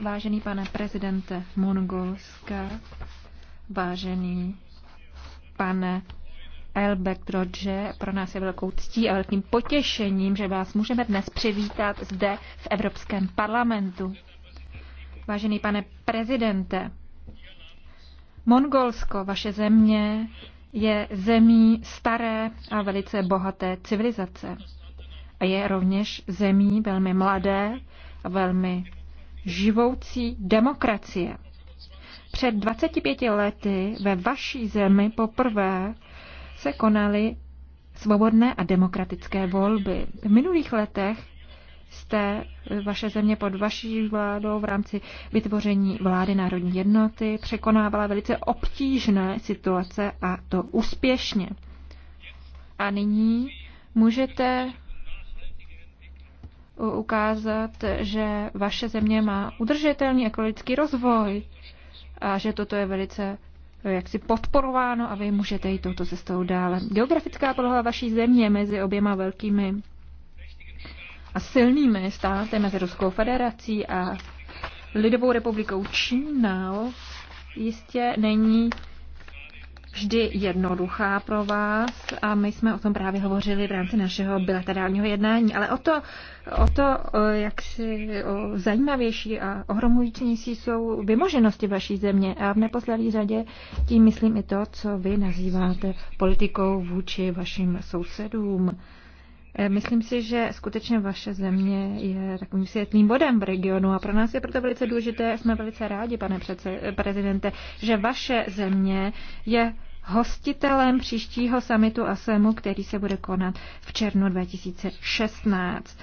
Vážený pane prezidente Mongolska, vážený pane Elbek pro nás je velkou ctí a velkým potěšením, že vás můžeme dnes přivítat zde v Evropském parlamentu. Vážený pane prezidente, Mongolsko, vaše země, je zemí staré a velice bohaté civilizace a je rovněž zemí velmi mladé velmi živoucí demokracie. Před 25 lety ve vaší zemi poprvé se konaly svobodné a demokratické volby. V minulých letech jste eh, vaše země pod vaší vládou v rámci vytvoření vlády národní jednoty překonávala velice obtížné situace a to úspěšně. A nyní můžete ukázat, že vaše země má udržitelný ekologický rozvoj a že toto je velice jaksi podporováno a vy můžete jít touto cestou dále. Geografická poloha vaší země mezi oběma velkými a silnými státy, mezi Ruskou federací a Lidovou republikou Čínou, jistě není vždy jednoduchá pro vás a my jsme o tom právě hovořili v rámci našeho bilaterálního jednání, ale o to, o to jak si o zajímavější a ohromující jsou vymoženosti vaší země a v neposlední řadě tím myslím i to, co vy nazýváte politikou vůči vašim sousedům. Eh, myslím si, že skutečně vaše země je takovým světlým bodem v regionu a pro nás je proto velice důležité, jsme velice rádi, pane přece, prezidente, že vaše země je hostitelem příštího samitu ASEMu, který se bude konat v červnu 2016.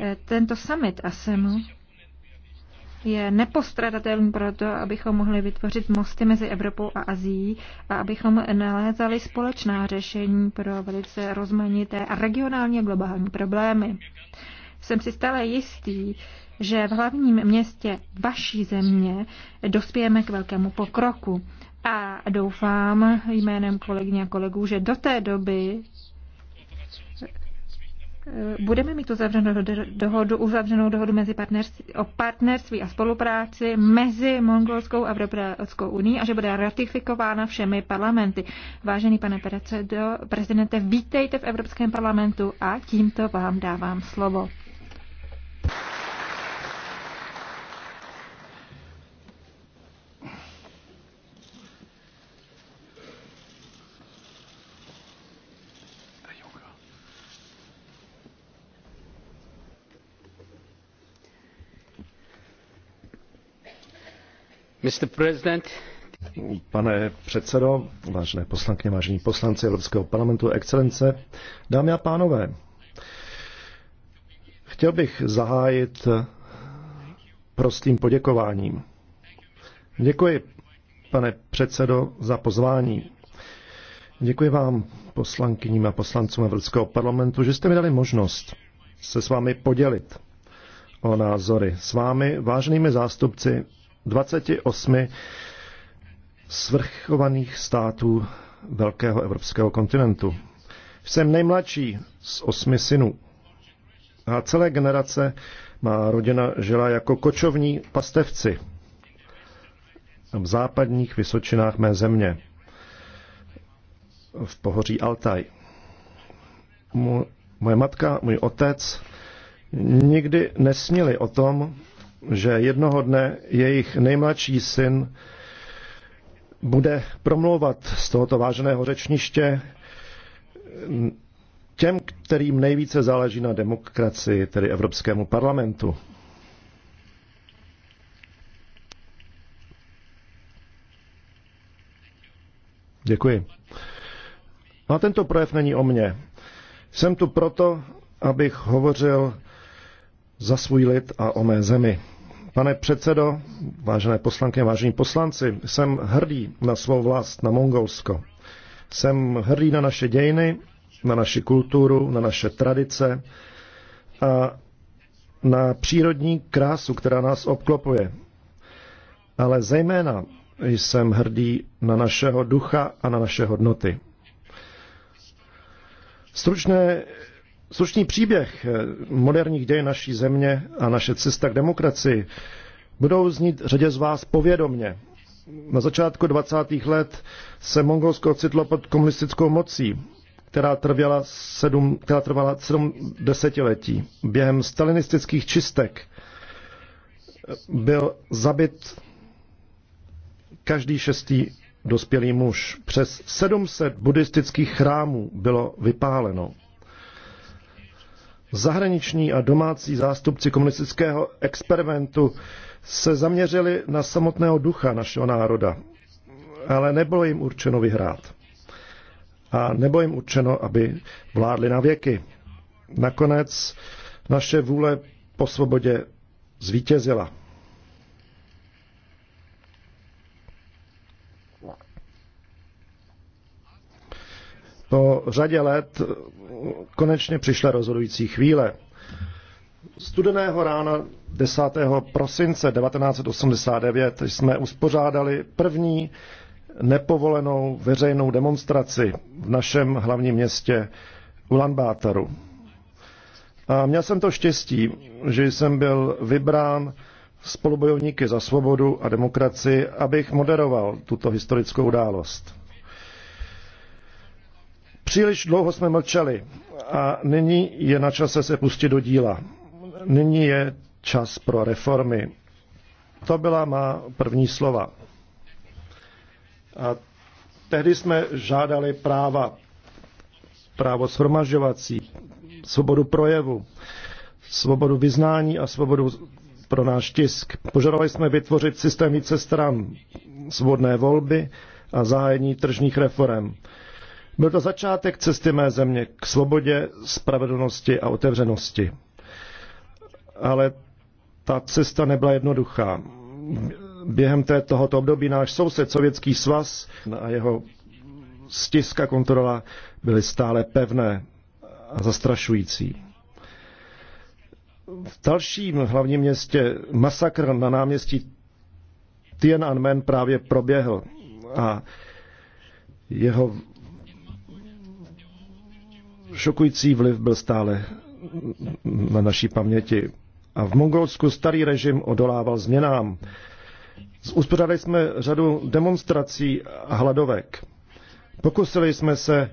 Eh, tento summit ASEMu je nepostradatelný proto, abychom mohli vytvořit mosty mezi Evropou a Azií a abychom nalézali společná řešení pro velice rozmanité a regionálně globální problémy. Jsem si stále jistý, že v hlavním městě vaší země dospějeme k velkému pokroku. A doufám jménem kolegyně a kolegů, že do té doby Eh, budeme mít uzavřenou dohodu, uzavřenou dohodu mezi partnerství, o partnerství a spolupráci mezi Mongolskou a Evropskou unii a že bude ratifikována všemi parlamenty. Vážený pane prezidente, vítejte v Evropském parlamentu a tímto vám dávám slovo. Pane předsedo, vážené poslankyně, vážení poslanci Evropského parlamentu, excelence, dámy a pánové, chtěl bych zahájit prostým poděkováním. Děkuji, pane předsedo, za pozvání. Děkuji vám, poslankyním a poslancům Evropského parlamentu, že jste mi dali možnost se s vámi podělit o názory s vámi, váženými zástupci 28 svrchovaných států velkého evropského kontinentu. Jsem nejmladší z osmi synů. A celé generace má rodina žila jako kočovní pastevci v západních vysočinách mé země, v pohoří Altaj. Moje matka, můj otec nikdy nesměli o tom, že jednoho dne jejich nejmladší syn bude promlouvat z tohoto váženého řečniště těm, kterým nejvíce záleží na demokracii, tedy Evropskému parlamentu. Děkuji. No a tento projev není o mně. Jsem tu proto, abych hovořil za svůj lid a o mé zemi. Pane předsedo, vážené poslanky, vážení poslanci, jsem hrdý na svou vlast, na Mongolsko. Jsem hrdý na naše dějiny, na naši kulturu, na naše tradice a na přírodní krásu, která nás obklopuje. Ale zejména jsem hrdý na našeho ducha a na naše hodnoty. Stručné Slušný příběh eh, moderních dějin naší země a naše cesta k demokracii budou znít řadě z vás povědomně. Na začátku 20. let se Mongolsko ocitlo pod komunistickou mocí, která, trvěla sedm, která trvala sedm desetiletí. Během stalinistických čistek eh, byl zabit každý šestý dospělý muž. Přes 700 buddhistických chrámů bylo vypáleno zahraniční a domácí zástupci komunistického experimentu se zaměřili na samotného ducha našeho národa, ale nebylo jim určeno vyhrát. A nebylo jim určeno, aby vládli na věky. Nakonec naše vůle po svobodě zvítězila. Po řadě let konečně přišla rozhodující chvíle. Studeného rána 10. prosince 1989 jsme uspořádali první nepovolenou veřejnou demonstraci v našem hlavním městě Ulanbátaru. A měl jsem to štěstí, že jsem byl vybrán spolubojovníky za svobodu a demokracii, abych moderoval tuto historickou událost. Příliš dlouho jsme mlčeli a nyní je na čase se pustit do díla. Nyní je čas pro reformy. To byla má první slova. A tehdy jsme žádali práva, právo shromažďovací, svobodu projevu, svobodu vyznání a svobodu pro náš tisk. Požadovali jsme vytvořit systém více stran, svobodné volby a zájení tržních reform. Byl to začátek cesty mé země k svobodě, spravedlnosti a otevřenosti. Ale ta cesta nebyla jednoduchá. Během té, tohoto období náš soused Sovětský svaz a jeho stisk a kontrola byly stále pevné a zastrašující. V dalším hlavním městě masakr na náměstí Tiananmen právě proběhl a jeho šokující vliv byl stále na naší paměti. A v Mongolsku starý režim odolával změnám. Uspořádali jsme řadu demonstrací a hladovek. Pokusili jsme se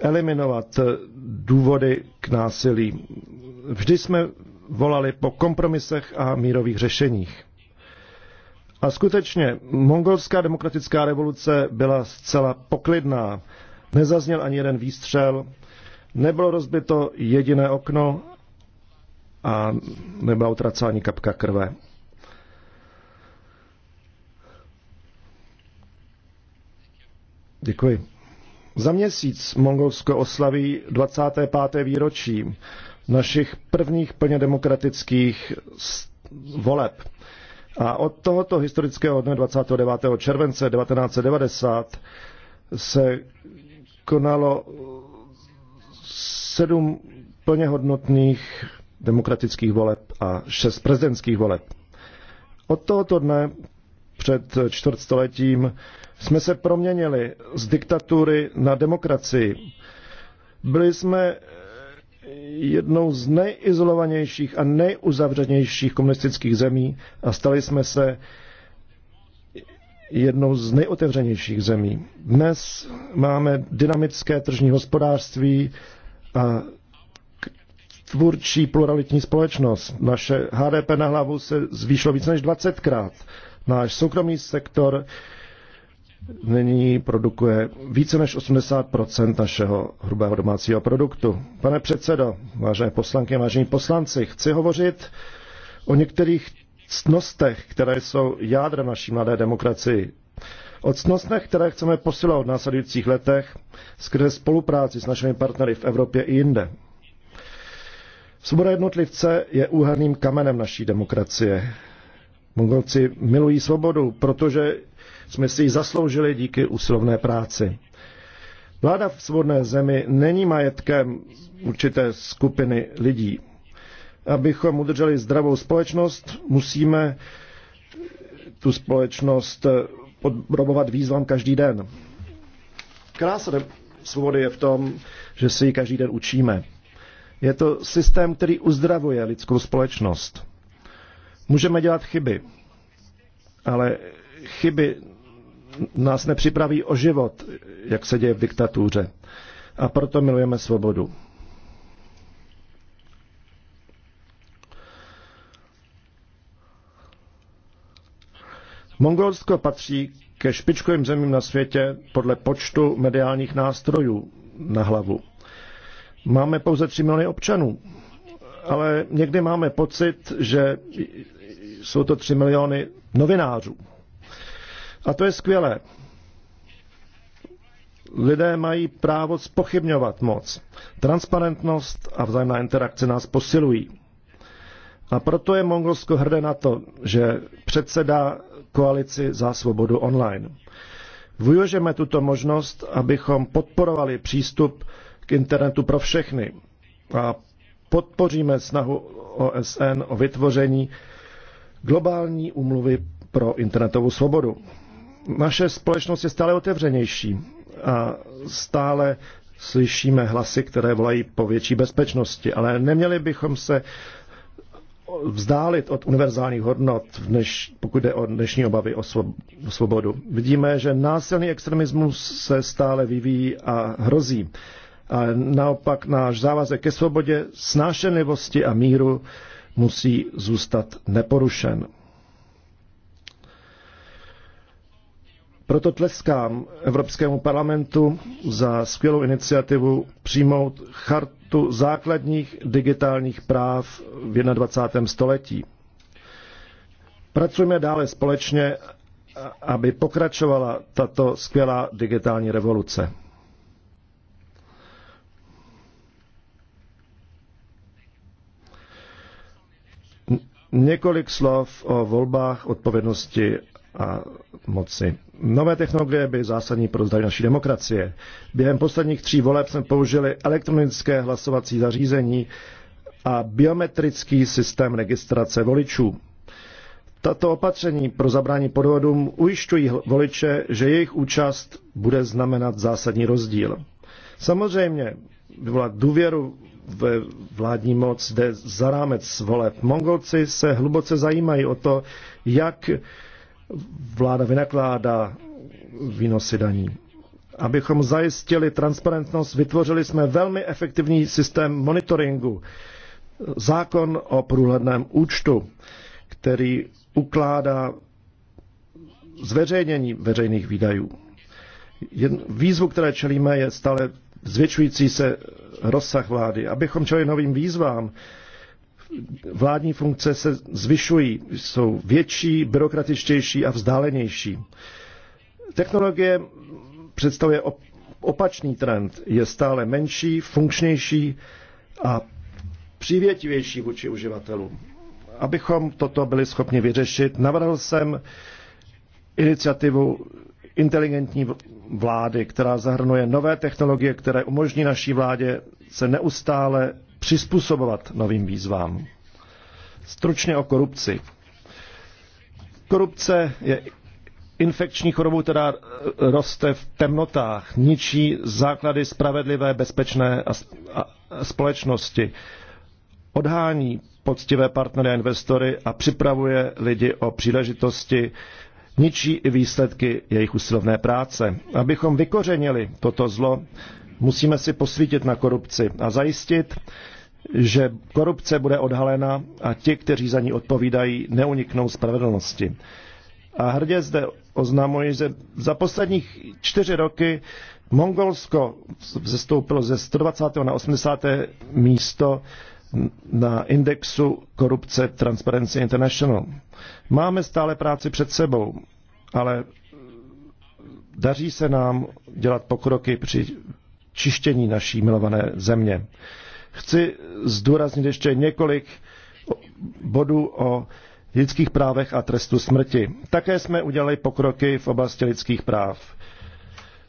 eliminovat důvody k násilí. Vždy jsme volali po kompromisech a mírových řešeních. A skutečně, mongolská demokratická revoluce byla zcela poklidná. Nezazněl ani jeden výstřel, Nebylo rozbito jediné okno a nebyla utracena ani kapka krve. Děkuji. Za měsíc Mongolsko oslaví 25. výročí našich prvních plně demokratických voleb. A od tohoto historického dne 29. července 1990 se konalo sedm plně hodnotných demokratických voleb a šest prezidentských voleb. Od tohoto dne před čtvrtstoletím jsme se proměnili z diktatury na demokracii. Byli jsme jednou z nejizolovanějších a nejuzavřenějších komunistických zemí a stali jsme se jednou z nejotevřenějších zemí. Dnes máme dynamické tržní hospodářství, tvůrčí pluralitní společnost. Naše HDP na hlavu se zvýšilo více než 20krát. Náš soukromý sektor nyní produkuje více než 80 našeho hrubého domácího produktu. Pane předsedo, vážené poslanky, vážení poslanci, chci hovořit o některých ctnostech, které jsou jádrem naší mladé demokracii o cnostech, které chceme posilovat v následujících letech skrze spolupráci s našimi partnery v Evropě i jinde. Svoboda jednotlivce je úherným kamenem naší demokracie. Mongolci milují svobodu, protože jsme si ji zasloužili díky usilovné práci. Vláda v svobodné zemi není majetkem určité skupiny lidí. Abychom udrželi zdravou společnost, musíme tu společnost podrobovat výzvám každý den. Krása svobody je v tom, že si ji každý den učíme. Je to systém, který uzdravuje lidskou společnost. Můžeme dělat chyby, ale chyby nás nepřipraví o život, jak se děje v diktatuře. A proto milujeme svobodu. Mongolsko patří ke špičkovým zemím na světě podle počtu mediálních nástrojů na hlavu. Máme pouze 3 miliony občanů, ale někdy máme pocit, že jsou to 3 miliony novinářů. A to je skvělé. Lidé mají právo spochybňovat moc. Transparentnost a vzájemná interakce nás posilují. A proto je Mongolsko hrdé na to, že předsedá koalici za svobodu online. Využijeme tuto možnost, abychom podporovali přístup k internetu pro všechny a podpoříme snahu OSN o vytvoření globální úmluvy pro internetovou svobodu. Naše společnost je stále otevřenější a stále slyšíme hlasy, které volají po větší bezpečnosti, ale neměli bychom se vzdálit od univerzálních hodnot, než, pokud jde o dnešní obavy o svobodu. Vidíme, že násilný extremismus se stále vyvíjí a hrozí. A naopak náš závazek ke svobodě, snášenlivosti a míru musí zůstat neporušen. Proto tleskám Evropskému parlamentu za skvělou iniciativu přijmout chartu základních digitálních práv v 21. století. Pracujeme dále společně, aby pokračovala tato skvělá digitální revoluce. Několik slov o volbách odpovědnosti a moci. Nové technologie byly zásadní pro zdraví naší demokracie. Během posledních tří voleb jsme použili elektronické hlasovací zařízení a biometrický systém registrace voličů. Tato opatření pro zabrání podvodům ujišťují voliče, že jejich účast bude znamenat zásadní rozdíl. Samozřejmě vyvolat důvěru ve vládní moc jde za rámec voleb. Mongolci se hluboce zajímají o to, jak vláda vynakládá výnosy daní. Abychom zajistili transparentnost, vytvořili jsme velmi efektivní systém monitoringu. Zákon o průhledném účtu, který ukládá zveřejnění veřejných výdajů. Výzvu, které čelíme, je stále zvětšující se rozsah vlády. Abychom čelili novým výzvám, vládní funkce se zvyšují, jsou větší, byrokratičtější a vzdálenější. Technologie představuje opačný trend, je stále menší, funkčnější a přívětivější vůči uživatelům. Abychom toto byli schopni vyřešit, navrhl jsem iniciativu inteligentní vlády, která zahrnuje nové technologie, které umožní naší vládě se neustále přizpůsobovat novým výzvám. Stručně o korupci. Korupce je infekční chorobou, která eh, roste v temnotách, ničí základy spravedlivé, bezpečné a společnosti, odhání poctivé partnery a investory a připravuje lidi o příležitosti, ničí i výsledky jejich usilovné práce. Abychom vykořenili toto zlo, Musíme si posvítit na korupci a zajistit, že korupce bude odhalena a ti, kteří za ní odpovídají, neuniknou spravedlnosti. A hrdě zde oznamuji, že za posledních čtyři roky Mongolsko zestoupilo ze 120. na 80. místo na indexu korupce Transparency International. Máme stále práci před sebou, ale daří se nám dělat pokroky při čištění naší milované země. Chci zdůraznit ještě několik bodů o lidských právech a trestu smrti. Také jsme udělali pokroky v oblasti lidských práv.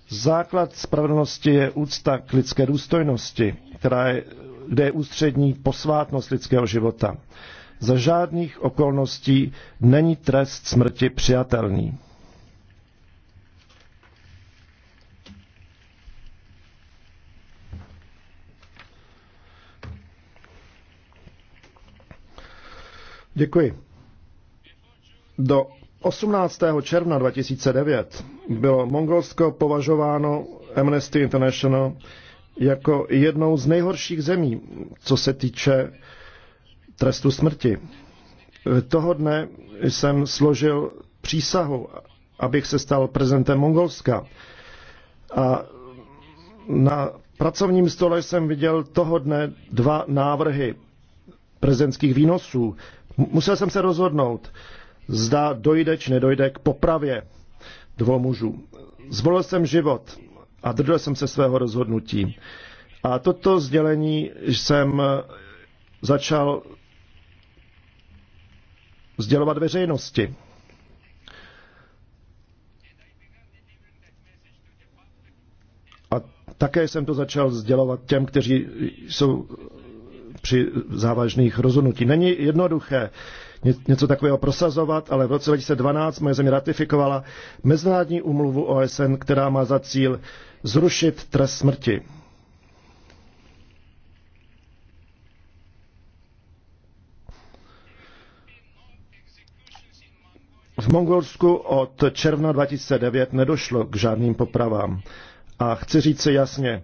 Základ spravedlnosti je úcta k lidské důstojnosti, která je, kde je ústřední posvátnost lidského života. Za žádných okolností není trest smrti přijatelný. Děkuji. Do 18. června 2009 bylo Mongolsko považováno Amnesty International jako jednou z nejhorších zemí, co se týče trestu smrti. Toho dne jsem složil přísahu, abych se stal prezidentem Mongolska. A na pracovním stole jsem viděl toho dne dva návrhy prezidentských výnosů. Musel jsem se rozhodnout, zda dojde či nedojde k popravě dvou mužů. Zvolil jsem život a držel jsem se svého rozhodnutí. A toto sdělení jsem začal sdělovat veřejnosti. A také jsem to začal sdělovat těm, kteří jsou při závažných rozhodnutí. Není jednoduché něco takového prosazovat, ale v roce 2012 moje země ratifikovala mezinárodní umluvu OSN, která má za cíl zrušit trest smrti. V Mongolsku od června 2009 nedošlo k žádným popravám. A chci říct si jasně,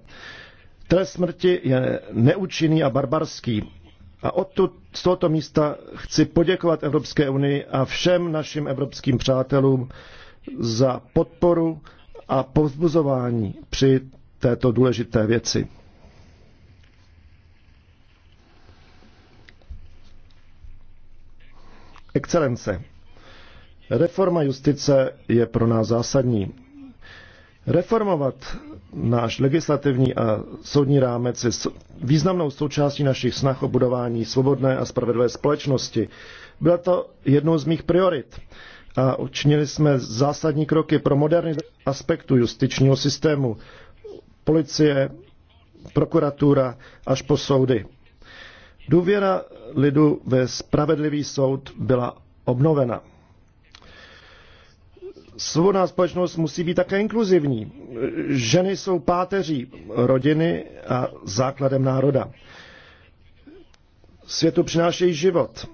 Trest smrti je neúčinný a barbarský. A odtud z tohoto místa chci poděkovat Evropské unii a všem našim evropským přátelům za podporu a povzbuzování při této důležité věci. Excelence. Reforma justice je pro nás zásadní. Reformovat náš legislativní a soudní rámec je významnou součástí našich snah o budování svobodné a spravedlivé společnosti. Byla to jednou z mých priorit a učinili jsme zásadní kroky pro moderní aspektu justičního systému, policie, prokuratura až po soudy. Důvěra lidu ve spravedlivý soud byla obnovena. Svobodná společnost musí být také inkluzivní. Ženy jsou páteří rodiny a základem národa. Světu přinášejí život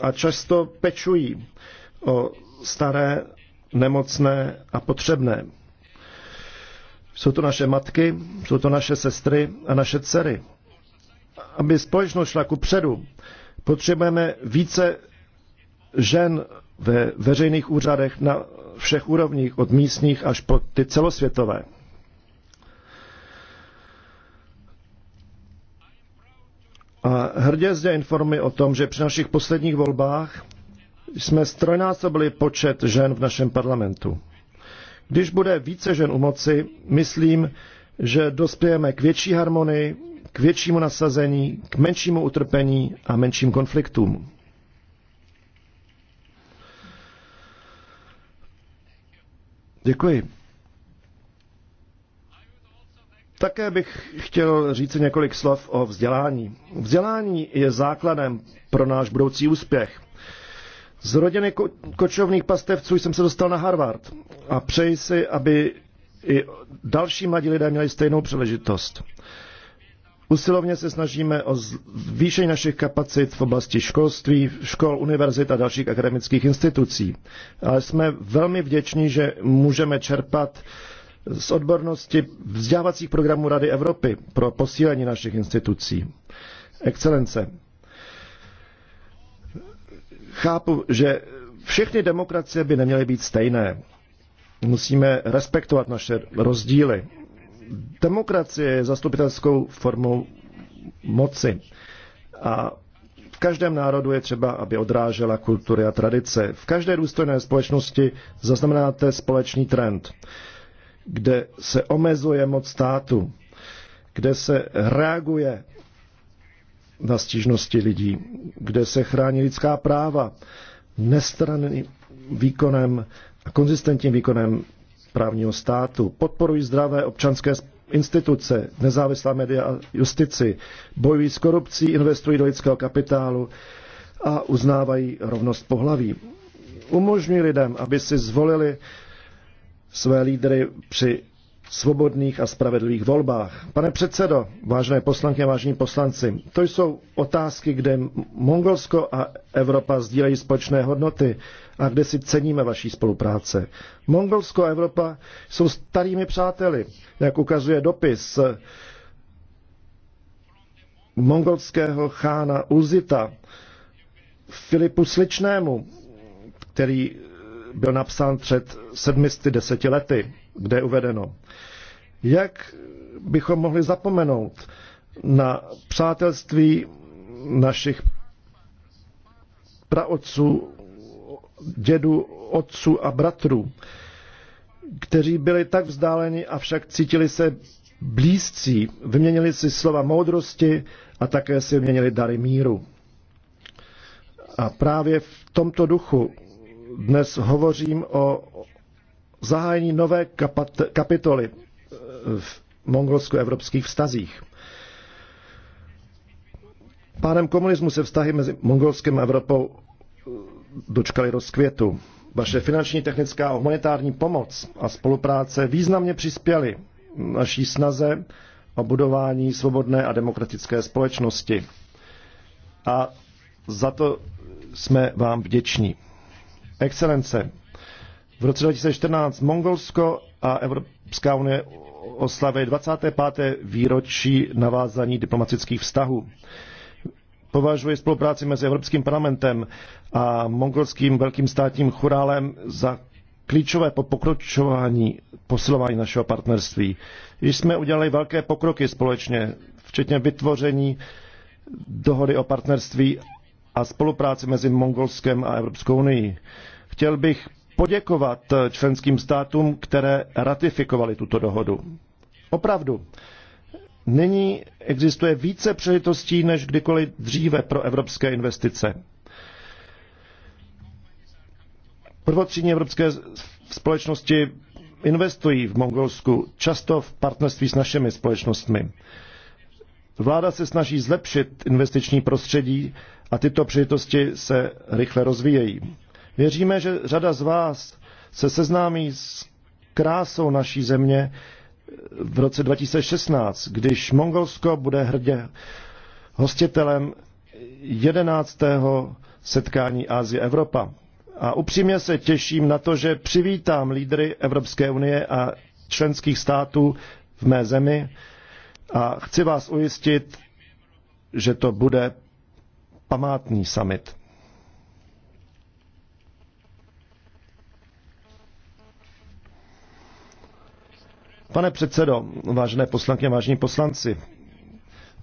a často pečují o staré, nemocné a potřebné. Jsou to naše matky, jsou to naše sestry a naše dcery. Aby společnost šla ku předu, potřebujeme více žen ve veřejných úřadech na všech úrovních, od místních až po ty celosvětové. A hrdě zde informy o tom, že při našich posledních volbách jsme strojnásobili počet žen v našem parlamentu. Když bude více žen u moci, myslím, že dospějeme k větší harmonii, k většímu nasazení, k menšímu utrpení a menším konfliktům. Děkuji. Také bych chtěl říct několik slov o vzdělání. Vzdělání je základem pro náš budoucí úspěch. Z rodiny ko- kočovných pastevců jsem se dostal na Harvard a přeji si, aby i další mladí lidé měli stejnou příležitost. Usilovně se snažíme o zvýšení našich kapacit v oblasti školství, škol, univerzit a dalších akademických institucí. Ale jsme velmi vděční, že můžeme čerpat z odbornosti vzdělávacích programů Rady Evropy pro posílení našich institucí. Excelence. Chápu, že všechny demokracie by neměly být stejné. Musíme respektovat naše rozdíly demokracie je zastupitelskou formou moci. A v každém národu je třeba, aby odrážela kultury a tradice. V každé důstojné společnosti zaznamenáte společný trend, kde se omezuje moc státu, kde se reaguje na stížnosti lidí, kde se chrání lidská práva nestranným výkonem a konzistentním výkonem právního státu, podporují zdravé občanské instituce, nezávislá média a justici, bojují s korupcí, investují do lidského kapitálu a uznávají rovnost pohlaví. Umožňují lidem, aby si zvolili své lídry při svobodných a spravedlivých volbách. Pane předsedo, vážené poslanky a vážení poslanci, to jsou otázky, kde Mongolsko a Evropa sdílejí společné hodnoty a kde si ceníme vaší spolupráce. Mongolsko a Evropa jsou starými přáteli, jak ukazuje dopis mongolského chána Uzita Filipu Sličnému, který byl napsán před 710 lety, kde je uvedeno. Jak bychom mohli zapomenout na přátelství našich praotců dědů, otců a bratrů, kteří byli tak vzdáleni, avšak cítili se blízcí, vyměnili si slova moudrosti a také si vyměnili dary míru. A právě v tomto duchu dnes hovořím o zahájení nové kapitoly eh, v mongolsko-evropských vztazích. Pánem komunismu se vztahy mezi Mongolskem a Evropou eh, dočkali rozkvětu. Vaše finanční, technická a humanitární pomoc a spolupráce významně přispěly naší snaze o budování svobodné a demokratické společnosti. A za to jsme vám vděční. Excelence, v roce 2014 Mongolsko a Evropská unie oslavili 25. výročí navázání diplomatických vztahů. Považuji spolupráci mezi Evropským parlamentem a mongolským velkým státním chorálem za klíčové po pokročování posilování našeho partnerství. Již jsme udělali velké pokroky společně, včetně vytvoření dohody o partnerství a spolupráci mezi Mongolskem a Evropskou unii. Chtěl bych poděkovat členským státům, které ratifikovali tuto dohodu. Opravdu, Nyní existuje více příležitostí než kdykoliv dříve pro evropské investice. Prvotřídní evropské společnosti investují v Mongolsku, často v partnerství s našimi společnostmi. Vláda se snaží zlepšit investiční prostředí a tyto příležitosti se rychle rozvíjejí. Věříme, že řada z vás se seznámí s krásou naší země v roce 2016, když Mongolsko bude hrdě hostitelem 11. setkání Asie Evropa. A upřímně se těším na to, že přivítám lídry Evropské unie a členských států v mé zemi a chci vás ujistit, že to bude památný summit. Pane předsedo, vážené poslankyně, vážení poslanci,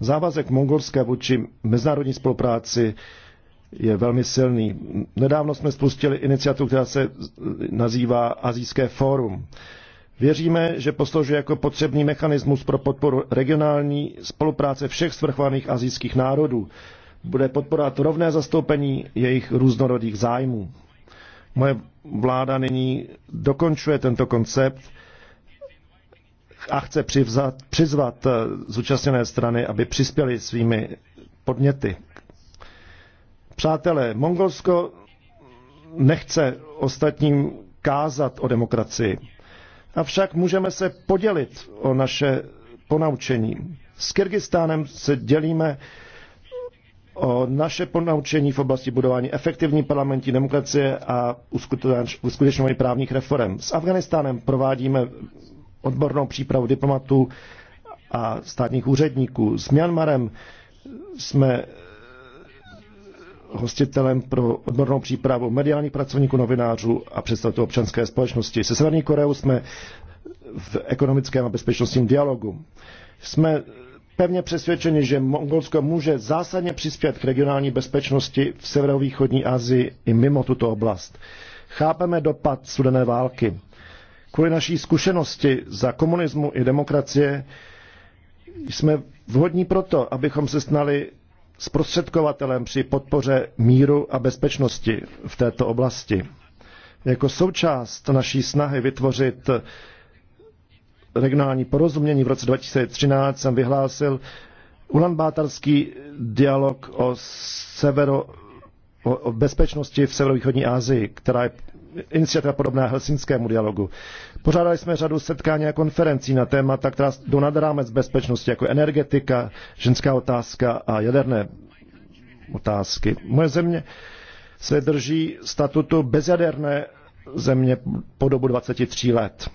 závazek mongolské vůči mezinárodní spolupráci je velmi silný. Nedávno jsme spustili iniciativu, která se nazývá Azijské fórum. Věříme, že posloužuje jako potřebný mechanismus pro podporu regionální spolupráce všech svrchovaných azijských národů. Bude podporovat rovné zastoupení jejich různorodých zájmů. Moje vláda nyní dokončuje tento koncept a chce přivzat, přizvat eh, zúčastněné strany, aby přispěli svými podněty. Přátelé, Mongolsko nechce ostatním kázat o demokracii. Avšak můžeme se podělit o naše ponaučení. S Kyrgyzstánem se dělíme o naše ponaučení v oblasti budování efektivní parlamentní demokracie a uskutečňování právních reform. S Afganistánem provádíme odbornou přípravu diplomatů a státních úředníků. S Myanmarem jsme hostitelem pro odbornou přípravu mediálních pracovníků, novinářů a představitelů občanské společnosti. Se Severní Koreou jsme v ekonomickém a bezpečnostním dialogu. Jsme pevně přesvědčeni, že Mongolsko může zásadně přispět k regionální bezpečnosti v severovýchodní Asii i mimo tuto oblast. Chápeme dopad studené války kvůli naší zkušenosti za komunismu i demokracie jsme vhodní proto, abychom se stali zprostředkovatelem při podpoře míru a bezpečnosti v této oblasti. Jako součást naší snahy vytvořit regionální porozumění v roce 2013 jsem vyhlásil ulanbátarský dialog o, severo, o bezpečnosti v severovýchodní Asii, která je iniciativa podobná helsinskému dialogu. Pořádali jsme řadu setkání a konferencí na témata, která jdou nad rámec bezpečnosti, jako energetika, ženská otázka a jaderné otázky. Moje země se drží statutu bezjaderné země po dobu 23 let.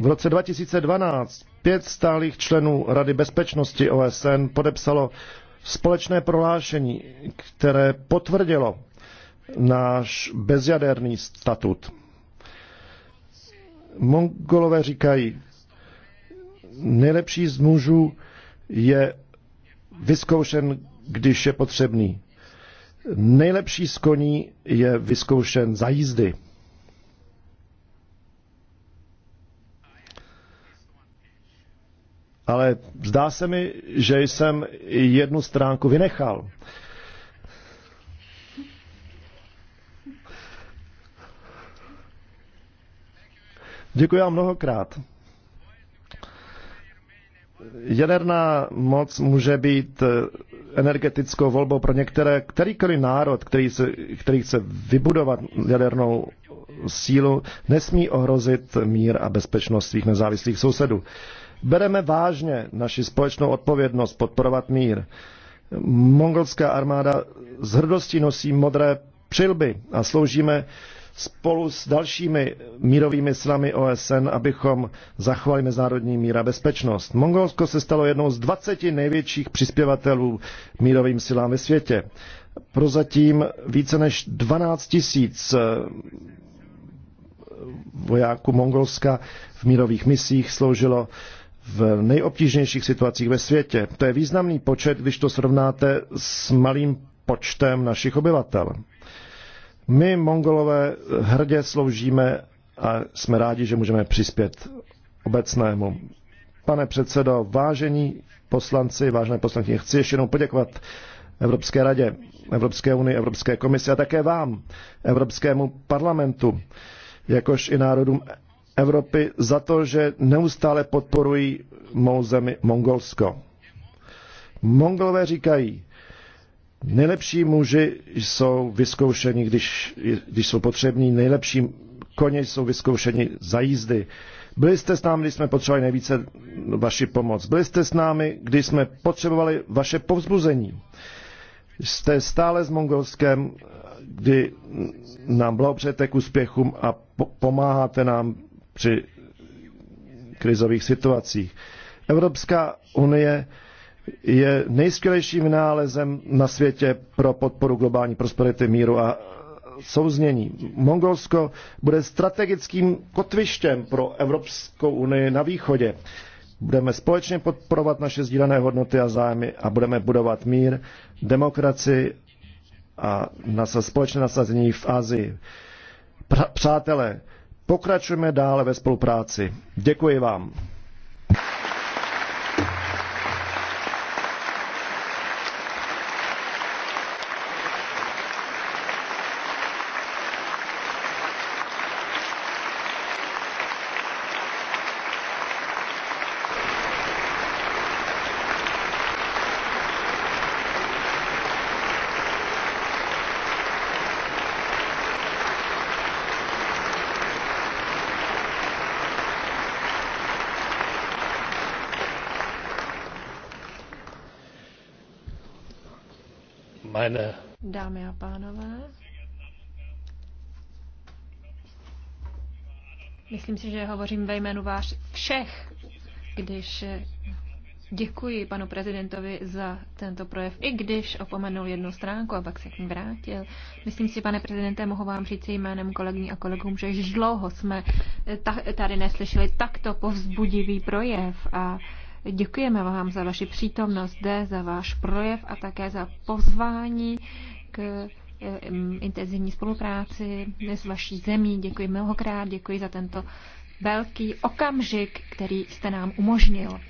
V roce 2012 pět stálých členů Rady bezpečnosti OSN podepsalo společné prohlášení, které potvrdilo náš bezjaderný statut. Mongolové říkají, nejlepší z mužů je vyzkoušen, když je potřebný. Nejlepší z koní je vyzkoušen za jízdy. ale zdá se mi, že jsem jednu stránku vynechal. Děkuji vám mnohokrát. Jaderná moc může být eh, energetickou volbou pro některé, kterýkoliv národ, který, se, který chce vybudovat jadernou sílu, nesmí ohrozit mír a bezpečnost svých nezávislých sousedů. Bereme vážně naši společnou odpovědnost podporovat mír. Mongolská armáda s hrdostí nosí modré přilby a sloužíme spolu s dalšími mírovými silami OSN, abychom zachovali mezinárodní mír a bezpečnost. Mongolsko se stalo jednou z 20 největších přispěvatelů mírovým silám ve světě. Prozatím více než 12 tisíc eh, vojáků Mongolska v mírových misích sloužilo v nejobtížnějších situacích ve světě. To je významný počet, když to srovnáte s malým počtem našich obyvatel. My, Mongolové, hrdě sloužíme a jsme rádi, že můžeme přispět obecnému. Pane předsedo, vážení poslanci, vážné poslankyně, chci ještě jednou poděkovat Evropské radě, Evropské unii, Evropské komisi a také vám, Evropskému parlamentu, jakož i národům Evropy za to, že neustále podporují mou zemi Mongolsko. Mongolové říkají, nejlepší muži jsou vyzkoušeni, když, když jsou potřební, nejlepší koně jsou vyzkoušeni za jízdy. Byli jste s námi, když jsme potřebovali nejvíce vaši pomoc. Byli jste s námi, když jsme potřebovali vaše povzbuzení. Jste stále s Mongolskem, kdy nám blahopřejete k úspěchům a po- pomáháte nám při krizových situacích. Evropská unie je nejskvělejším nálezem na světě pro podporu globální prosperity, míru a souznění. Mongolsko bude strategickým kotvištěm pro Evropskou unii na východě. Budeme společně podporovat naše sdílené hodnoty a zájmy a budeme budovat mír, demokracii a nasa, společné nasazení v Azii. Pra, přátelé, Pokračujeme dále ve spolupráci. Děkuji vám. meine Dámy a pánové, myslím si, že hovořím ve jménu váš všech, když děkuji panu prezidentovi za tento projev, i když opomenul jednu stránku a pak se k ní vrátil. Myslím si, pane prezidente, mohu vám říct jménem kolegyní a kolegům, že již dlouho jsme tady neslyšeli takto povzbudivý projev a Děkujeme vám za vaši přítomnost zde, za váš projev a také za pozvání k eh, intenzivní spolupráci s vaší zemí. Děkuji mnohokrát, děkuji za tento velký okamžik, který jste nám umožnil.